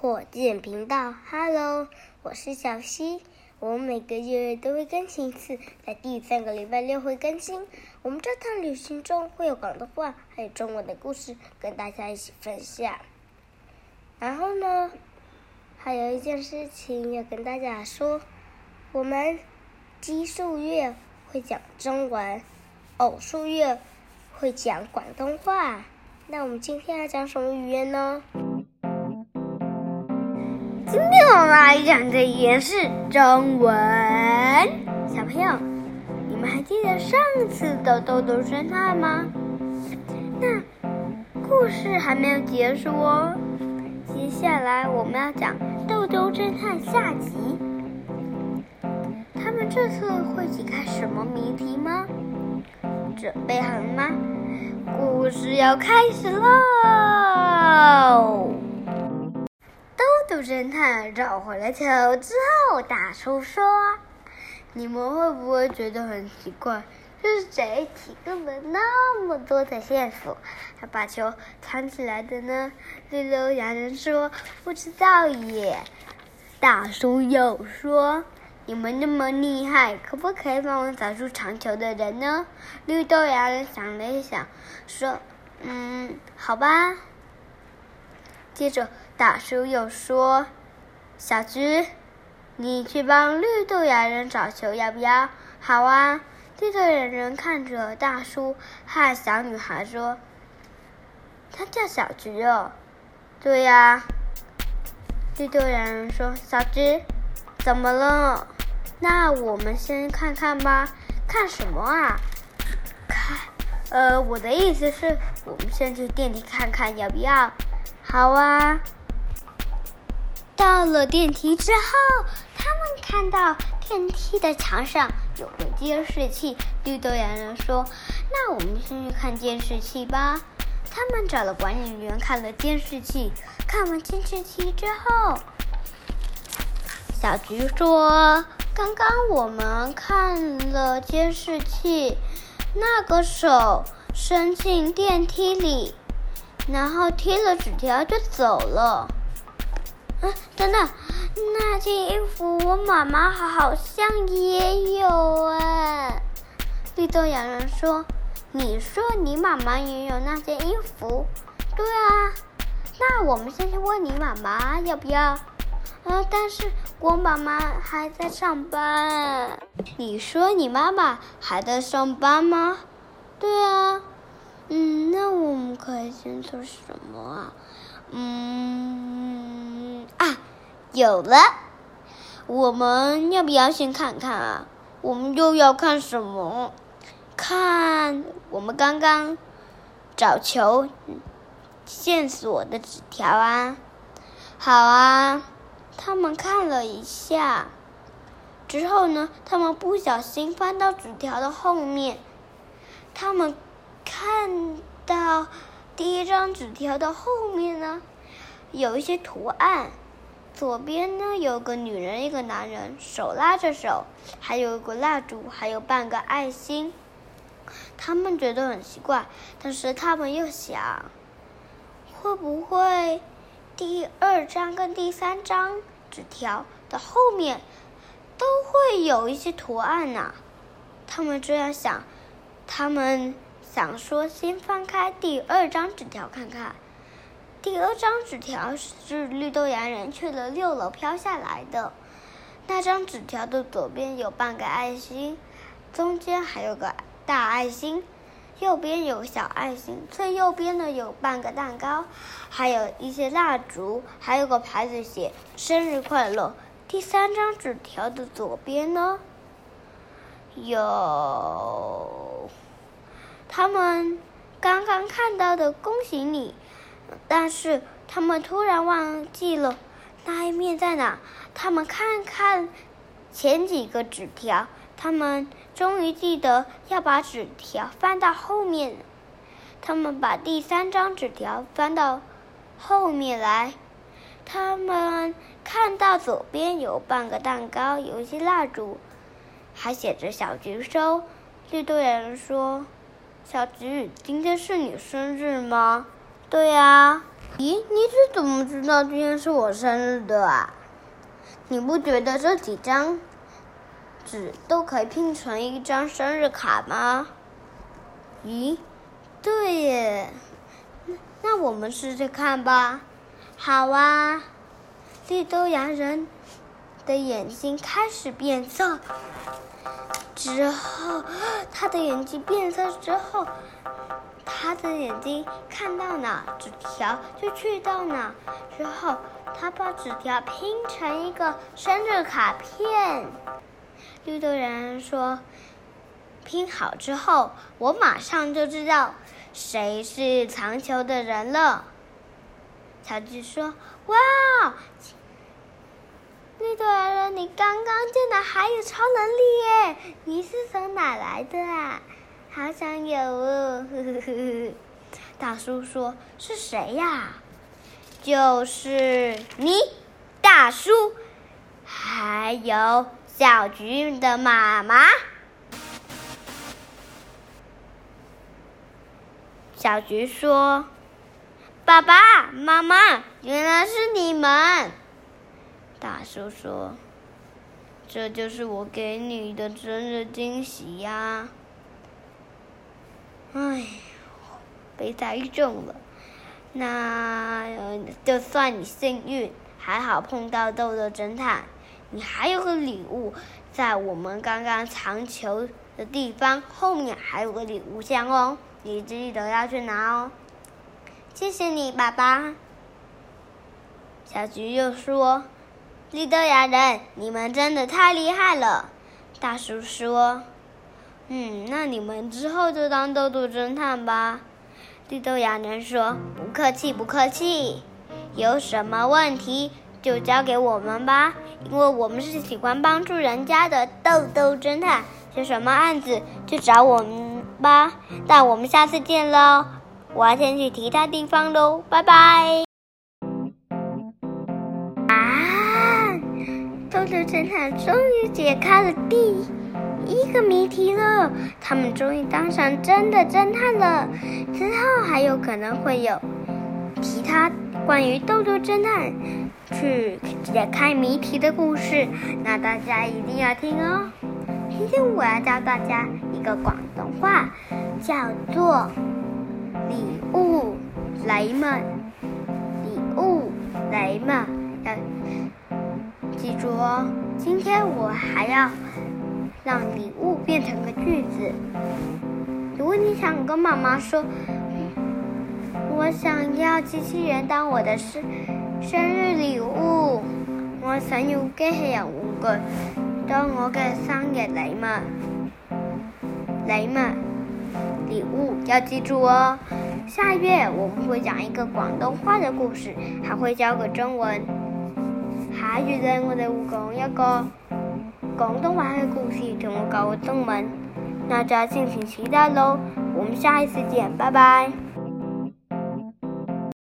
火箭頻道，Hello，我是小溪。我們每個月都會更新一次，在第三個禮拜六會更新。我們這趟旅行中會有廣東話，還有中文的故事跟大家一起分享。然後呢，還有一件事情要跟大家說，我們奇數月會講中文，偶數月會講廣東話。那我們今天要講什麼語言呢？我們來講這一集是中文，小朋友，你們還記得上次的豆豆偵探嗎？那故事還沒有結束哦，接下來我們要講豆豆偵探下集。他們這次會解開什麼謎題嗎？準備好了嗎？故事要開始嘍！偵探找回了球之後，大叔說：“你們會不會覺得很奇怪？這是誰提供了那麼多的線索，還把球藏起來的呢？”綠豆芽人說：“不知道耶。”大叔又說：“你們那麼厲害，可不可以幫我找出藏球的人呢？”綠豆芽人想了想，說：“嗯，好吧。”接着。大叔又說：“小菊，你去幫綠豆芽人找球，要不要？”“好啊！”綠豆芽人看着大叔，和小女孩說：“他叫小菊哦。”“對呀、啊。”綠豆芽人說：“小菊，怎麼了？”“那我們先看看吧。”“看什麼啊？”“看……呃，我的意思是，我們先去店裡看看，要不要？”“好啊。”到了電梯之後，他們看到電梯的牆上有個監視器。綠豆羊羊說：“那我們先去看監視器吧。”他們找了管理員，看了監視器。看完監視器之後，小菊說：“剛剛我們看了監視器，那個手伸進電梯裡，然後貼了紙條就走了。”啊，等等，那件衣服我媽媽好像也有哎、啊。綠豆洋人說：“你說你媽媽也有那件衣服？”對啊，那我們先去問你媽媽要不要？啊，但是我媽媽還在上班。你說你媽媽還在上班嗎？對啊。嗯，那我們可以先做什麼啊？嗯。有了，我們要不要先看看啊？我們又要看什麼？看我們剛剛找球線索的紙條啊！好啊，他們看了一下，之後呢，他們不小心翻到紙條的後面，他們看到第一張紙條的後面呢，有一些圖案。左邊呢有個女人，一個男人手拉着手，還有一個蠟燭，還有半個愛心。他們覺得很奇怪，但是他們又想，會不會第二張跟第三張紙條的後面都會有一些圖案呢、啊？他們這樣想，他們想說先翻開第二張紙條看看。第二張紙條是綠豆芽人去了六樓飄下來的，那張紙條的左邊有半個愛心，中間還有個大愛心，右邊有小愛心，最右邊呢有半個蛋糕，還有一些蠟燭，還有個牌子寫“生日快樂”。第三張紙條的左邊呢，有他們剛剛看到的“恭喜你”。但是他們突然忘記了那一面在哪。他們看看前幾個紙條，他們終於記得要把紙條翻到後面。他們把第三張紙條翻到後面來。他們看到左邊有半個蛋糕，有一些蠟燭，還寫着“小菊收”。綠豆芽說：“小菊，今天是你生日嗎？”對呀、啊，咦，你是怎麼知道今天是我生日的啊？你不覺得這幾張紙都可以拼成一張生日卡嗎？咦，對耶，那，那我們試試看吧。好啊，綠豆芽人的眼睛開始變色，之後他的眼睛變色之後。他的眼睛看到哪，紙條就去到哪。之後，他把紙條拼成一個生日卡片。綠豆人說：“拼好之後，我馬上就知道誰是藏球的人了。”喬治說：“哇，綠豆人，你剛剛竟然還有超能力耶？你是從哪來的啊？”好想有哦呵呵呵！大叔說：“是誰呀？”就是你，大叔，還有小菊的媽媽。小菊說：“爸爸媽媽，原來是你們！”大叔說：“這就是我給你的生日驚喜呀！”哎，被猜中了，那就算你幸運，還好碰到豆豆偵探。你還有個禮物，在我們剛剛藏球的地方後面還有個禮物箱哦，你記得要去拿哦。謝謝你，爸爸。小菊又說：“綠豆芽人，你們真的太厲害了。”大叔說。嗯，那你們之後就當豆豆偵探吧，綠豆芽人說，不客氣不客氣，有什麼問題就交給我們吧，因為我們是喜歡幫助人家的豆豆偵探，有什麼案子就找我們吧。那我們下次見嘍，我要先去其他地方嘍，拜拜。啊，豆豆偵探終於解開了第。一個謎題了，他們終於當上真的偵探了。之後還有可能會有其他關於《豆豆偵探》去解開謎題的故事，那大家一定要聽哦。今天我要教大家一個廣東話，叫做雷“禮物來嘛，禮物來嘛”，要記住哦。今天我還要。讓禮物變成個句子。如果你想跟媽媽說，嗯、我想要機器人當我的生生日禮物，我想要機器人玩當我的生日禮物。雷曼，禮物要記住哦。下月我們會講一個廣東話的故事，還會教個中文。下月咧，我哋會講一個。廣東話的故事搞，我門聽我講中文，大家敬請期待嘍！我們下一次見，拜拜。